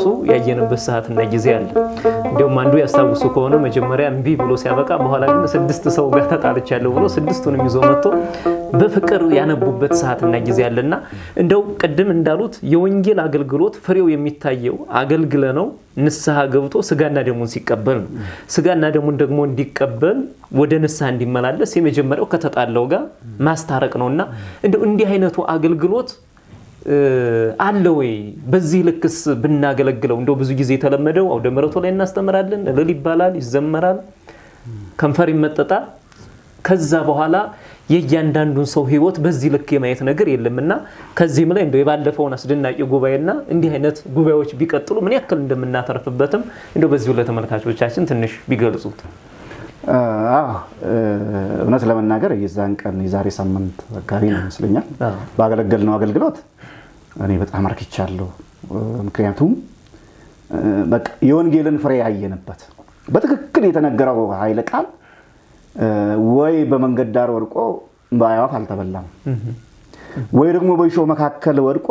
ሲንቀሳቀሱ ያየንበት ሰዓትና ጊዜ አለ። እንዲሁም አንዱ ያስታውሱ ከሆነ መጀመሪያ እምቢ ብሎ ሲያበቃ፣ በኋላ ግን ስድስት ሰው ጋር ተጣልቻለሁ ብሎ ስድስቱንም ይዞ መጥቶ በፍቅር ያነቡበት ሰዓትና ጊዜ አለና እንደው ቅድም እንዳሉት የወንጌል አገልግሎት ፍሬው የሚታየው አገልግለ ነው ንስሐ ገብቶ ስጋና ደሙን ሲቀበል ነው። ስጋና ደሙን ደግሞ እንዲቀበል ወደ ንስሐ እንዲመላለስ የመጀመሪያው ከተጣለው ጋር ማስታረቅ ነውና እንደው እንዲህ አይነቱ አገልግሎት አለ ወይ? በዚህ ልክስ ብናገለግለው እንደው ብዙ ጊዜ የተለመደው አውደ ምሕረቱ ላይ እናስተምራለን፣ እልል ይባላል፣ ይዘመራል፣ ከንፈር ይመጠጣል። ከዛ በኋላ የእያንዳንዱን ሰው ህይወት በዚህ ልክ የማየት ነገር የለምና ከዚህም ላይ እንደው የባለፈውን አስደናቂ ጉባኤና እንዲህ አይነት ጉባኤዎች ቢቀጥሉ ምን ያክል እንደምናተርፍበትም እንደው በዚሁ ለተመልካቾቻችን ትንሽ ቢገልጹት እውነት ለመናገር የዛን ቀን የዛሬ ሳምንት አካባቢ ነው ይመስለኛል ባገለገልነው አገልግሎት እኔ በጣም አርክቻለሁ። ምክንያቱም የወንጌልን ፍሬ ያየንበት በትክክል የተነገረው ኃይለ ቃል ወይ በመንገድ ዳር ወድቆ በአዕዋፍ አልተበላም፣ ወይ ደግሞ በእሾህ መካከል ወድቆ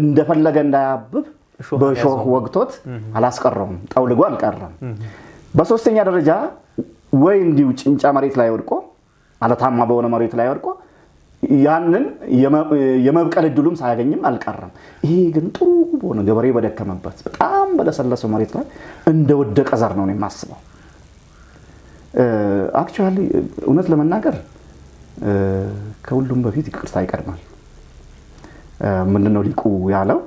እንደፈለገ እንዳያብብ በእሾህ ወግቶት አላስቀረውም፣ ጠውልጎ አልቀረም። በሶስተኛ ደረጃ ወይ እንዲሁ ጭንጫ መሬት ላይ ወድቆ አለታማ በሆነ መሬት ላይ ወድቆ ያንን የመብቀል እድሉም ሳያገኝም አልቀረም። ይሄ ግን ጥሩ በሆነ ገበሬ በደከመበት በጣም በለሰለሰው መሬት ላይ እንደወደቀ ዘር ነው የማስበው። አክቹዋሊ እውነት ለመናገር ከሁሉም በፊት ይቅርታ ይቀድማል። ምንድነው ሊቁ ያለው?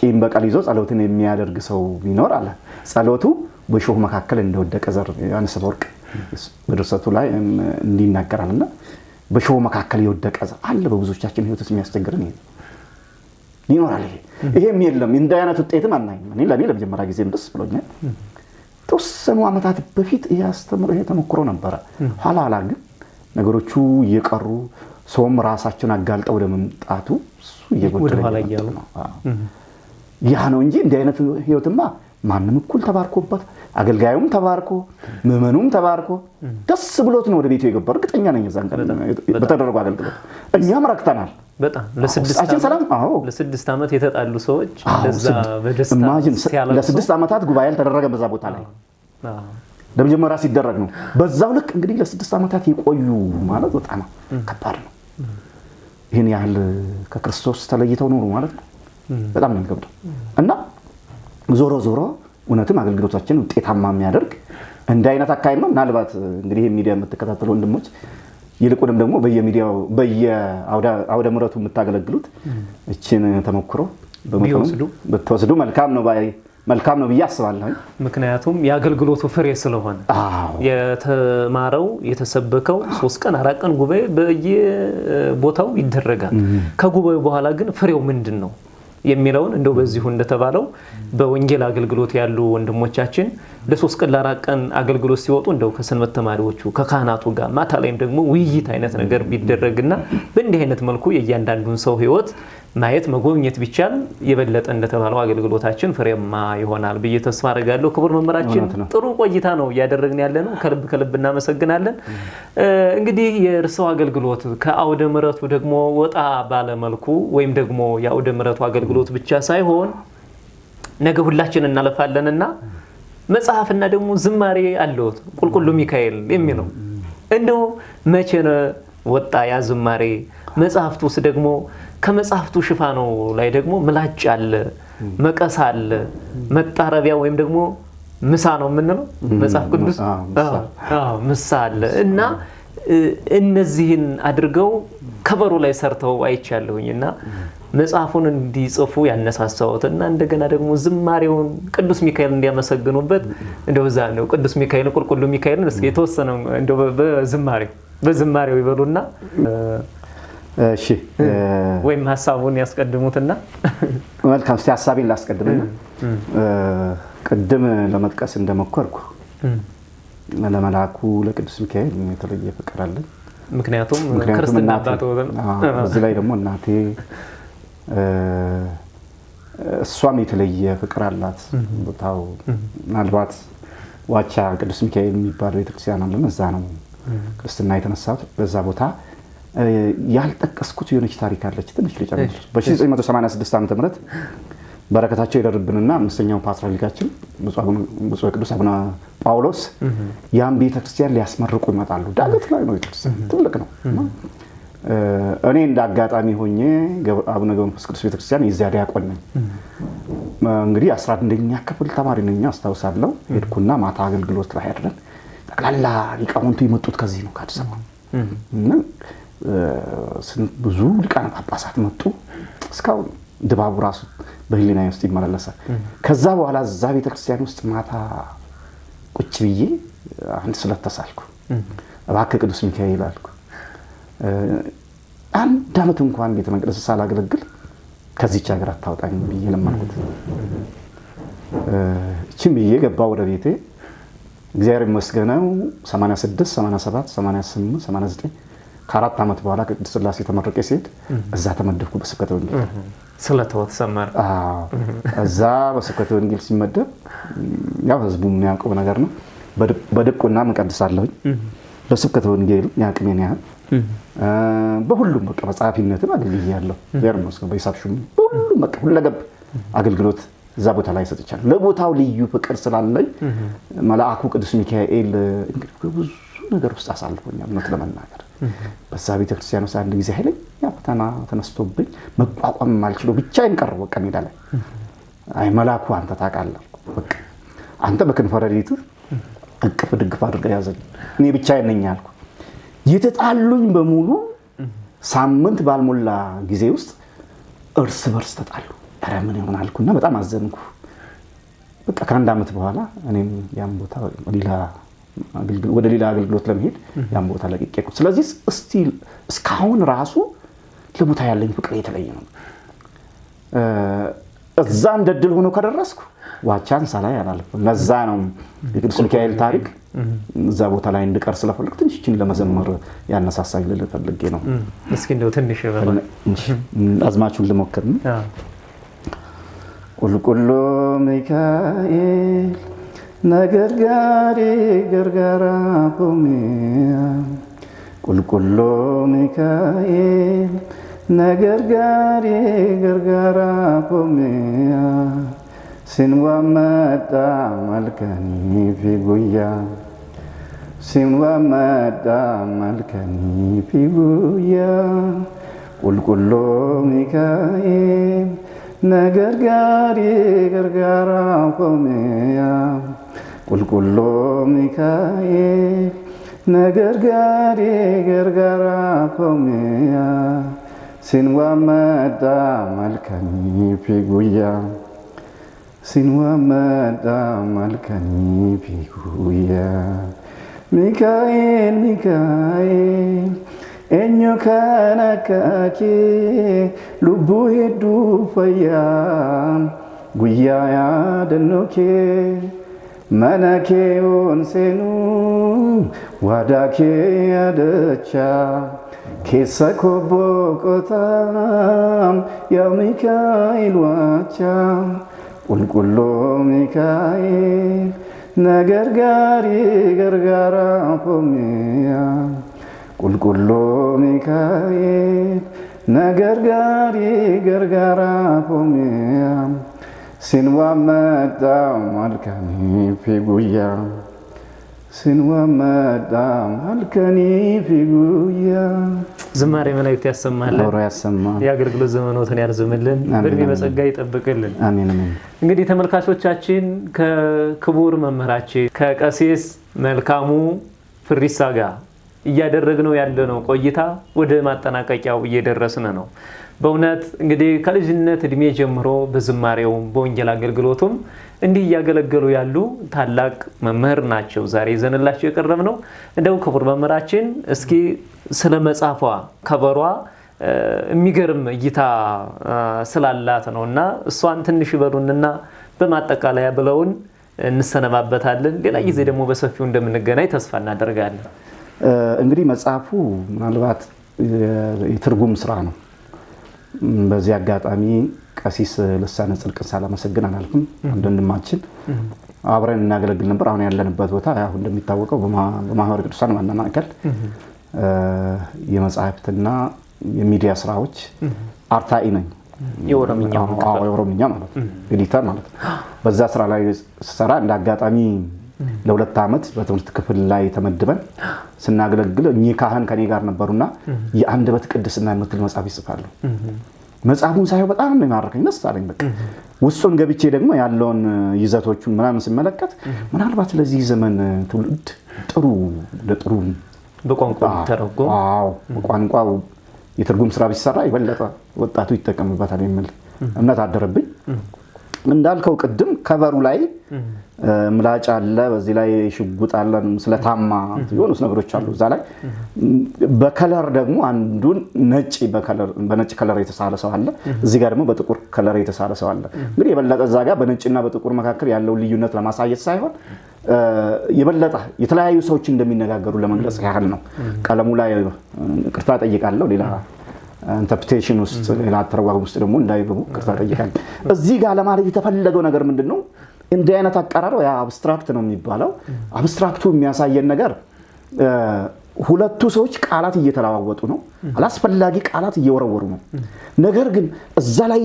ቂም በቀል ይዞ ጸሎትን የሚያደርግ ሰው ቢኖር አለ ጸሎቱ በሾህ መካከል እንደወደቀ ዘር ዮሐንስ አፈወርቅ በድርሰቱ ላይ እንዲናገራል እና በሾህ መካከል የወደቀ ዘር አለ። በብዙዎቻችን ህይወት የሚያስቸግርን ይሄ ይኖራል። ይሄም የለም እንደ አይነት ውጤትም አናይም። እኔ ለእኔ ለመጀመሪያ ጊዜም ደስ ብሎኛል። ተወሰኑ ዓመታት በፊት ያስተምሮ ይሄ ተሞክሮ ነበረ። ኋላ ኋላ ግን ነገሮቹ እየቀሩ ሰውም ራሳቸውን አጋልጠው ወደ መምጣቱ እሱ እየጎደለ ነው። ያ ነው እንጂ እንዲህ አይነት ህይወትማ ማንም እኩል ተባርኮበት አገልጋዩም ተባርኮ ምዕመኑም ተባርኮ ደስ ብሎት ነው ወደ ቤቱ የገባው። እርግጠኛ ነኝ ዛን በተደረጉ አገልግሎት እኛም ረክተናል። ለስድስት ዓመት የተጣሉ ሰዎች ለስድስት ዓመታት ጉባኤ ያልተደረገ በዛ ቦታ ላይ ለመጀመሪያ ሲደረግ ነው። በዛው ልክ እንግዲህ ለስድስት ዓመታት የቆዩ ማለት በጣም ከባድ ነው። ይህን ያህል ከክርስቶስ ተለይተው ኖሩ ማለት ነው። በጣም ነው የሚከብደው እና ዞሮ ዞሮ እውነትም አገልግሎታችን ውጤታማ የሚያደርግ እንዲህ አይነት አካሄድ ነው። ምናልባት እንግዲህ ሚዲያ የምትከታተሉ ወንድሞች ይልቁንም ደግሞ በየሚዲያው በየአውደ ምረቱ የምታገለግሉት እችን ተሞክሮ ብትወስዱ መልካም ነው ባይ መልካም ነው ብዬ አስባለሁ። ምክንያቱም የአገልግሎቱ ፍሬ ስለሆነ የተማረው የተሰበከው ሶስት ቀን አራት ቀን ጉባኤ በየቦታው ይደረጋል። ከጉባኤው በኋላ ግን ፍሬው ምንድን ነው የሚለውን እንደው በዚሁ እንደተባለው በወንጌል አገልግሎት ያሉ ወንድሞቻችን ለሶስት ቀን ለአራት ቀን አገልግሎት ሲወጡ እንደው ከሰንበት ተማሪዎቹ ከካህናቱ ጋር ማታ ላይም ደግሞ ውይይት አይነት ነገር ቢደረግና በእንዲህ አይነት መልኩ የእያንዳንዱን ሰው ሕይወት ማየት መጎብኘት ቢቻል የበለጠ እንደተባለው አገልግሎታችን ፍሬማ ይሆናል ብዬ ተስፋ አደርጋለሁ። ክቡር መምህራችን ጥሩ ቆይታ ነው እያደረግን ያለ ነው። ከልብ ከልብ እናመሰግናለን። እንግዲህ የእርስዎ አገልግሎት ከአውደ ምረቱ ደግሞ ወጣ ባለመልኩ ወይም ደግሞ የአውደ ምረቱ አገልግሎት ብቻ ሳይሆን ነገ ሁላችን እናለፋለንና መጽሐፍና ደግሞ ዝማሬ አለዎት ቁልቁሉ ሚካኤል የሚለው እንደው መቼ ወጣ ያ ዝማሬ? መጽሐፍት ውስጥ ደግሞ ከመጽሐፍቱ ሽፋኑ ላይ ደግሞ ምላጭ አለ፣ መቀስ አለ፣ መጣረቢያ ወይም ደግሞ ምሳ ነው የምንለው መጽሐፍ ቅዱስ ምሳ አለ እና እነዚህን አድርገው ከበሩ ላይ ሰርተው አይቻለሁኝ እና መጽሐፉን እንዲጽፉ ያነሳሳውት እና እንደገና ደግሞ ዝማሬውን ቅዱስ ሚካኤል እንዲያመሰግኑበት እንደው ነው ቅዱስ ሚካኤል ቁልቁሉ ሚካኤልን እስኪ የተወሰነ እንደው በዝማሬው በዝማሬው ይበሉና እሺ ወይም ሀሳቡን ያስቀድሙትና መልካም። እስቲ ሀሳቤን ላስቀድምና ቅድም ለመጥቀስ እንደሞከርኩ ለመላኩ ለቅዱስ ሚካኤል የተለየ ፍቅር አለኝ። ምክንያቱም ክርስትና እዚህ ላይ ደግሞ እናቴ እሷም የተለየ ፍቅር አላት። ቦታው ምናልባት ዋቻ ቅዱስ ሚካኤል የሚባለው ቤተክርስቲያን አለን። እዛ ነው ክርስትና የተነሳት በዛ ቦታ ያልጠቀስኩት የሆነች ታሪክ አለች። ትንሽ ልጨምር። በ986 ዓ ም በረከታቸው ይደርብንና አምስተኛው ፓትርያርካችን ብፁዕ ቅዱስ አቡነ ጳውሎስ ያን ቤተክርስቲያን ሊያስመርቁ ይመጣሉ። ዳገት ላይ ነው፣ ቤተክርስቲያን ትልቅ ነው። እኔ እንደ አጋጣሚ ሆኜ አቡነ ገብረ መንፈስ ቅዱስ ቤተክርስቲያን የዚያ ዲያቆን ነኝ። እንግዲህ አስራ አንደኛ ክፍል ተማሪ ነኝ አስታውሳለሁ። ሄድኩና ማታ አገልግሎት ላይ አድረን ጠቅላላ ሊቃውንቱ የመጡት ከዚህ ነው ከአዲስ አበባ ብዙ ሊቃነ ጳጳሳት መጡ። እስካሁን ድባቡ ራሱ በህሊና ውስጥ ይመላለሳል። ከዛ በኋላ እዛ ቤተክርስቲያን ውስጥ ማታ ቁጭ ብዬ አንድ ስለት ተሳልኩ። እባክህ ቅዱስ ሚካኤል አልኩ። አንድ አመት እንኳን ቤተ መቅደስ ሳላገለግል ከዚች ሀገር አታውጣኝ ብዬ ለማልኩት እችም ብዬ ገባ ወደ ቤቴ። እግዚአብሔር ይመስገነው 86 87 88 89 ከአራት ዓመት በኋላ ቅድስት ሥላሴ ተመረቄ ሲሄድ እዛ ተመደብኩ በስብከተ ወንጌል ስለተወት ሰመረ እዛ በስብከተ ወንጌል ሲመደብ ያው ህዝቡ የሚያውቀው ነገር ነው። በድቁና እቀድሳለሁኝ በስብከተ ወንጌል የአቅሜን ያህል በሁሉም በቃ በጸሐፊነትም ያለው ር በሂሳብ ሹም በሁሉም በቃ ሁለገብ አገልግሎት እዛ ቦታ ላይ ሰጥቻለሁ። ለቦታው ልዩ ፍቅር ስላለኝ መልአኩ ቅዱስ ሚካኤል ብዙ ነገር ውስጥ አሳልፎኛል። እውነት ለመናገር በዛ ቤተክርስቲያን ውስጥ አንድ ጊዜ ኃይለኛ ፈተና ተነስቶብኝ መቋቋም ማልችሎ ብቻዬን ቀረሁ። በቃ ሜዳ ላይ አይ መላኩ አንተ ታውቃለህ፣ በቃ አንተ በክንፈ ረድኤትህ እቅፍ ድግፍ አድርገህ ያዘኝ። እኔ ብቻዬን ነኝ ያልኩ የተጣሉኝ በሙሉ ሳምንት ባልሞላ ጊዜ ውስጥ እርስ በርስ ተጣሉ። ኧረ ምን ይሆን አልኩና በጣም አዘንኩ። በቃ ከአንድ ዓመት በኋላ እኔም ያን ቦታ ሌላ ወደ ሌላ አገልግሎት ለመሄድ ያን ቦታ ለቅቄ ነው። ስለዚህ ስቲል እስካሁን ራሱ ለቦታ ያለኝ ፍቅር የተለየ ነው። እዛ እንደ ድል ሆኖ ከደረስኩ ዋቻን ሳላይ አላልፍም። ለዛ ነው የቅዱስ ሚካኤል ታሪክ እዛ ቦታ ላይ እንድቀር ስለፈልግ ትንሽችን ለመዘመር ያነሳሳኝ ልል ፈልጌ ነው። እስኪ እንደው ትንሽ አዝማችሁን ልሞክር። ቁልቁሎ ሚካኤል ነገርጋሪ ገርጋራ ቆሜያ ቁልቁሎ ሚካኤል ነገርጋሪ ገርጋራ ሲንዋ ሲንዋመጣ መልከኒ ፊጉያ መጣ መልከኒ ፊጉያ ቁልቁሎ ሚካኤል ነገርጋሪ ገርጋራ ቆሜያ ቁልቁሎ ሚካኤል ነገርጋዴ ገርጋራ ኮሜያ ሲንዋመዳ ማልከኒ ፒጉያ ሲንዋመዳ ማልከኒ ፒጉያ ሚካኤል ሚካኤል ኤኞ ከነካኬ ሉቡ ሄዱ ፈያ ጉያ ያደኖኬ መነኬዮንሴኑ ዋዳኬ ያደቻ ኬሰ ቆታም የሚካኤል ዋቻ ቁልቁሎ ሚካኤል ነገር ጋሪ ገርጋራ ፖሚያ ቁልቁሎ ሚካኤል ነገር ጋሪ ገርጋራ ፖሚያ ሲንዋ መጣ ማልከኒ ፊጉያ ሲንዋ መጣ ማልከኒ ፊጉያ ዝማሬ መላእክት ያሰማል። የአገልግሎት ዘመኖትን ያርዝምልን፣ በእድሜ በጸጋ ይጠብቅልን። እንግዲህ ተመልካቾቻችን ከክቡር መምህራችን ከቀሲስ መልካሙ ፍሪሳ ጋር እያደረግነው ያለነው ቆይታ ወደ ማጠናቀቂያው እየደረስን ነው። በእውነት እንግዲህ ከልጅነት እድሜ ጀምሮ በዝማሬውም በወንጌል አገልግሎቱም እንዲህ እያገለገሉ ያሉ ታላቅ መምህር ናቸው። ዛሬ ይዘንላቸው የቀረብ ነው። እንደው ክቡር መምህራችን እስኪ ስለ መጽሐፏ ከበሯ የሚገርም እይታ ስላላት ነው እና እሷን ትንሽ ይበሉንና በማጠቃለያ ብለውን እንሰነባበታለን። ሌላ ጊዜ ደግሞ በሰፊው እንደምንገናኝ ተስፋ እናደርጋለን። እንግዲህ መጽሐፉ ምናልባት የትርጉም ስራ ነው በዚህ አጋጣሚ ቀሲስ ልሳነ ጽድቅን ሳላመሰግን አላልፍም። አንድ ወንድማችን አብረን እናገለግል ነበር። አሁን ያለንበት ቦታ አሁን እንደሚታወቀው በማህበረ ቅዱሳን ዋና ማዕከል የመጽሐፍትና የሚዲያ ስራዎች አርታኢ ነኝ። የኦሮምኛ ማለት ነው፣ ኤዲተር ማለት ነው። በዛ ስራ ላይ ስሰራ እንደ አጋጣሚ ለሁለት ዓመት በትምህርት ክፍል ላይ ተመድበን ስናገለግል እኚህ ካህን ከኔ ጋር ነበሩና የአንደበት ቅድስና የምትል መጽሐፍ ይጽፋሉ። መጽሐፉን ሳየው በጣም ነው የማረከኝ፣ ደስ አለኝ። በቃ ውስጡን ገብቼ ደግሞ ያለውን ይዘቶቹን ምናምን ስመለከት ምናልባት ለዚህ ዘመን ትውልድ ጥሩ ለጥሩ በቋንቋ ተረጎ በቋንቋው የትርጉም ስራ ቢሰራ የበለጠ ወጣቱ ይጠቀምበታል የሚል እምነት አደረብኝ። እንዳልከው ቅድም ከቨሩ ላይ ምላጭ አለ፣ በዚህ ላይ ሽጉጥ አለን፣ ስለታማ የሆኑት ነገሮች አሉ። እዛ ላይ በከለር ደግሞ አንዱን ነጭ በነጭ ከለር የተሳለ ሰው አለ፣ እዚህ ጋር ደግሞ በጥቁር ከለር የተሳለ ሰው አለ። እንግዲህ የበለጠ እዛ ጋር በነጭና በጥቁር መካከል ያለውን ልዩነት ለማሳየት ሳይሆን የበለጠ የተለያዩ ሰዎች እንደሚነጋገሩ ለመግለጽ ያህል ነው። ቀለሙ ላይ ቅርታ ጠይቃለሁ ሌላ ኢንተርፕቴሽን ውስጥ አተረጓጉም ውስጥ ደግሞ እንዳይገቡ ቅርታ ጠይቃል። እዚህ ጋር ለማድረግ የተፈለገው ነገር ምንድን ነው? እንዲህ አይነት አቀራረብ ያ አብስትራክት ነው የሚባለው። አብስትራክቱ የሚያሳየን ነገር ሁለቱ ሰዎች ቃላት እየተለዋወጡ ነው፣ አላስፈላጊ ቃላት እየወረወሩ ነው። ነገር ግን እዛ ላይ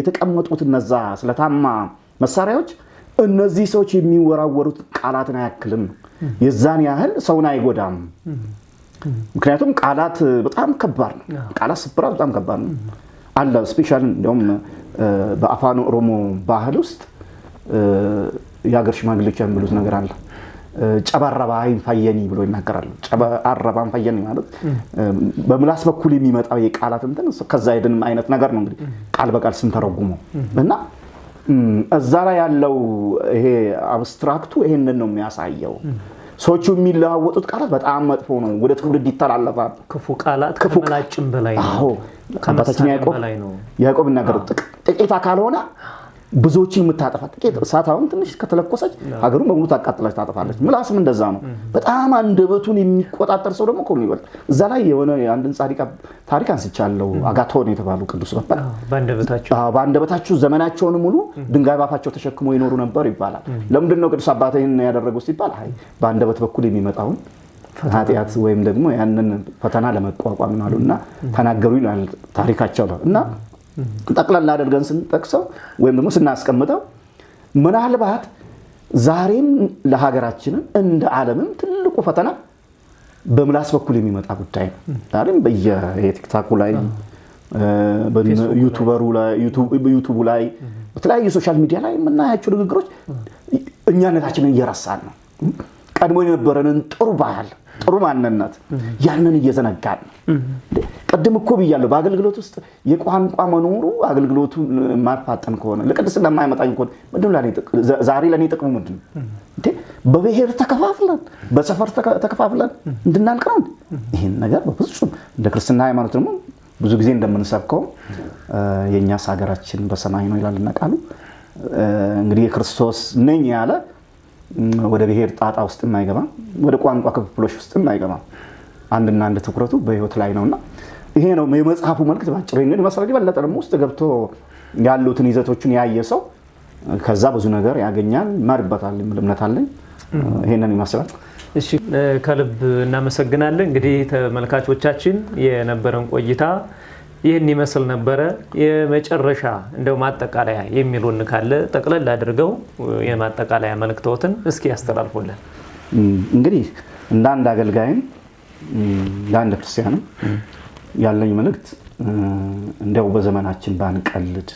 የተቀመጡት እነዛ ስለታማ መሳሪያዎች እነዚህ ሰዎች የሚወራወሩት ቃላትን አያክልም፣ የዛን ያህል ሰውን አይጎዳም። ምክንያቱም ቃላት በጣም ከባድ ነው። ቃላት ስብራት በጣም ከባድ ነው አለ ስፔሻል እንዲሁም በአፋን ኦሮሞ ባህል ውስጥ የሀገር ሽማግሌዎች የሚሉት ነገር አለ። ጨባረባ ይንፋየኒ ብሎ ይናገራሉ። ጨባረባ ይንፋየኒ ማለት በምላስ በኩል የሚመጣው የቃላት እንትን ከዛ ሄድንም አይነት ነገር ነው እንግዲህ ቃል በቃል ስንተረጉመው እና እዛ ላይ ያለው ይሄ አብስትራክቱ ይሄንን ነው የሚያሳየው። ሰዎቹ የሚለዋወጡት ቃላት በጣም መጥፎ ነው፣ ወደ ትውልድ ይተላለፋል። ክፉ ቃላት ከምላጭም በላይ ነው። አባታችን ያዕቆብ ያዕቆብ ነገር ጥቂት ካልሆነ ብዙዎችን የምታጠፋ ጥቂት እሳት አሁን ትንሽ ከተለኮሰች ሀገሩን በሙሉ ታቃጥላች ታጠፋለች። ምላስም እንደዛ ነው። በጣም አንደበቱን የሚቆጣጠር ሰው ደግሞ ከሁሉ ይበልጥ። እዛ ላይ የሆነ አንድን ጻድቅ ታሪክ አንስቻለሁ። አጋቶን የተባሉ ቅዱስ ነበር። በአንደበታችሁ ዘመናቸውን ሙሉ ድንጋይ ባፋቸው ተሸክሞ ይኖሩ ነበር ይባላል። ለምንድን ነው ቅዱስ አባትን ያደረገው ሲባል አይ በአንደበት በኩል የሚመጣውን ኃጢአት ወይም ደግሞ ያንን ፈተና ለመቋቋም ናሉ እና ተናገሩ ይላል ታሪካቸው እና ጠቅላላ አድርገን ስንጠቅሰው ወይም ደግሞ ስናስቀምጠው ምናልባት ዛሬም ለሀገራችንም እንደ ዓለምም ትልቁ ፈተና በምላስ በኩል የሚመጣ ጉዳይ ነው። ዛሬም በየቲክታኩ ላይ ዩቱቡ ላይ በተለያዩ ሶሻል ሚዲያ ላይ የምናያቸው ንግግሮች እኛነታችንን እየረሳን ነው። ቀድሞ የነበረንን ጥሩ ባህል፣ ጥሩ ማንነት ያንን እየዘነጋን ነው። ቅድም እኮ ብያለሁ። በአገልግሎት ውስጥ የቋንቋ መኖሩ አገልግሎቱ ማፋጠን ከሆነ ለቅድስና የማያመጣኝ ከሆነ ዛሬ ለእኔ ጥቅሙ ምንድን ነው? በብሔር ተከፋፍለን በሰፈር ተከፋፍለን እንድናልቅረን ይህን ነገር በፍጹም እንደ ክርስትና ሃይማኖት ደግሞ ብዙ ጊዜ እንደምንሰብከው የእኛስ ሀገራችን በሰማይ ነው ይላል ቃሉ እንግዲህ የክርስቶስ ነኝ ያለ ወደ ብሔር ጣጣ ውስጥ የማይገባ ወደ ቋንቋ ክፍፍሎች ውስጥ የማይገባ አንድና አንድ ትኩረቱ በህይወት ላይ ነውና ይሄ ነው የመጽሐፉ መልክት ባጭሩ። እንግዲህ መሰረት የበለጠ ደግሞ ውስጥ ገብቶ ያሉትን ይዘቶችን ያየ ሰው ከዛ ብዙ ነገር ያገኛል፣ ይማርበታል የሚል እምነት አለኝ። ይሄንን ይመስላል። እሺ ከልብ እናመሰግናለን። እንግዲህ ተመልካቾቻችን የነበረን ቆይታ ይህን ይመስል ነበረ። የመጨረሻ እንደው ማጠቃለያ የሚሉን ካለ ጠቅለል አድርገው የማጠቃለያ መልእክቶትን እስኪ ያስተላልፉልን። እንግዲህ እንደ አንድ አገልጋይም እንደ አንድ ክርስቲያንም ያለኝ መልእክት እንዲያው በዘመናችን ባንቀልድ፣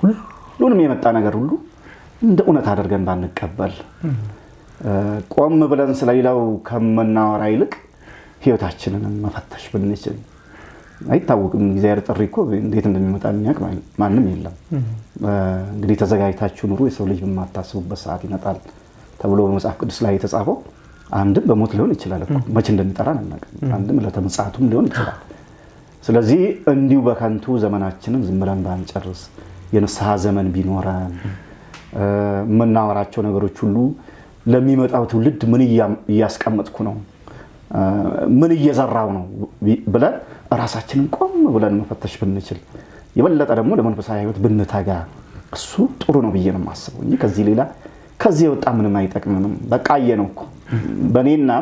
ሁሉንም የመጣ ነገር ሁሉ እንደ እውነት አድርገን ባንቀበል፣ ቆም ብለን ስለሌላው ከምናወራ ይልቅ ህይወታችንን መፈተሽ ብንችል። አይታወቅም፣ እግዚአብሔር ጥሪ እኮ እንዴት እንደሚመጣ የሚያውቅ ማንም የለም። እንግዲህ ተዘጋጅታችሁ ኑሩ፣ የሰው ልጅ በማታስቡበት ሰዓት ይመጣል ተብሎ በመጽሐፍ ቅዱስ ላይ የተጻፈው አንድም በሞት ሊሆን ይችላል። መቼ እንደሚጠራን አናውቅም። አንድም ለተምጻቱም ሊሆን ይችላል። ስለዚህ እንዲሁ በከንቱ ዘመናችንን ዝም ብለን ባንጨርስ፣ የንስሐ ዘመን ቢኖረን የምናወራቸው ነገሮች ሁሉ ለሚመጣው ትውልድ ምን እያስቀመጥኩ ነው፣ ምን እየዘራው ነው ብለን እራሳችንን ቆም ብለን መፈተሽ ብንችል፣ የበለጠ ደግሞ ለመንፈሳዊ ሕይወት ብንተጋ እሱ ጥሩ ነው ብዬ ነው የማስበው እንጂ ከዚህ ሌላ ከዚህ የወጣ ምንም አይጠቅምንም። በቃ አየነው እኮ በእኔና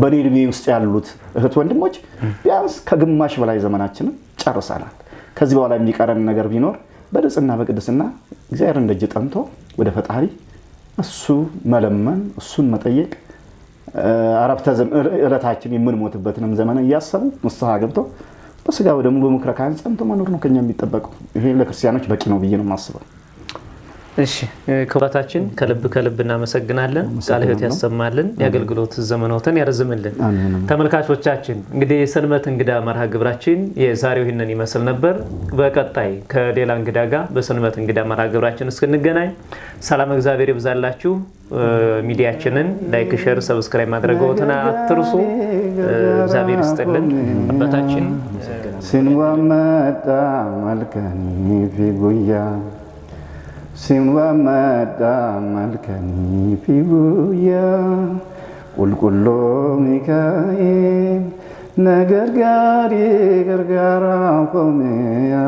በእኔ እድሜ ውስጥ ያሉት እህት ወንድሞች ቢያንስ ከግማሽ በላይ ዘመናችንን ጨርሰናል። ከዚህ በኋላ የሚቀረን ነገር ቢኖር በንጽህና በቅድስና እግዚአብሔርን ደጅ ጠንቶ ወደ ፈጣሪ እሱ መለመን እሱን መጠየቅ አረፍተ ዕለታችን የምንሞትበትንም ዘመን እያሰቡ ንስሐ ገብቶ በስጋ ወደሙ በምክረ ካህን ጸንቶ መኖር ነው ከኛ የሚጠበቀው። ይሄ ለክርስቲያኖች በቂ ነው ብዬ ነው የማስበው። እሺ ክብራታችን ከልብ ከልብ እናመሰግናለን። ቃለ ሕይወት ያሰማልን፣ የአገልግሎት ዘመኖትን ያረዝምልን። ተመልካቾቻችን እንግዲህ የሰንበት እንግዳ መርሃ ግብራችን የዛሬው ይህንን ይመስል ነበር። በቀጣይ ከሌላ እንግዳ ጋር በሰንበት እንግዳ መርሃ ግብራችን እስክንገናኝ ሰላም እግዚአብሔር ይብዛላችሁ። ሚዲያችንን ላይክ፣ ሸር፣ ሰብስክራይብ ማድረገውትን አትርሱ። እግዚአብሔር ይስጥልን። አባታችን ስንዋ መጣ መልከኒ ፊጉያ ስማ መጣ መልከኒ ፊቡያ ቁልቁሎ ሚካኤል ነገር ጋሪ ገርጋራ ቆሜያ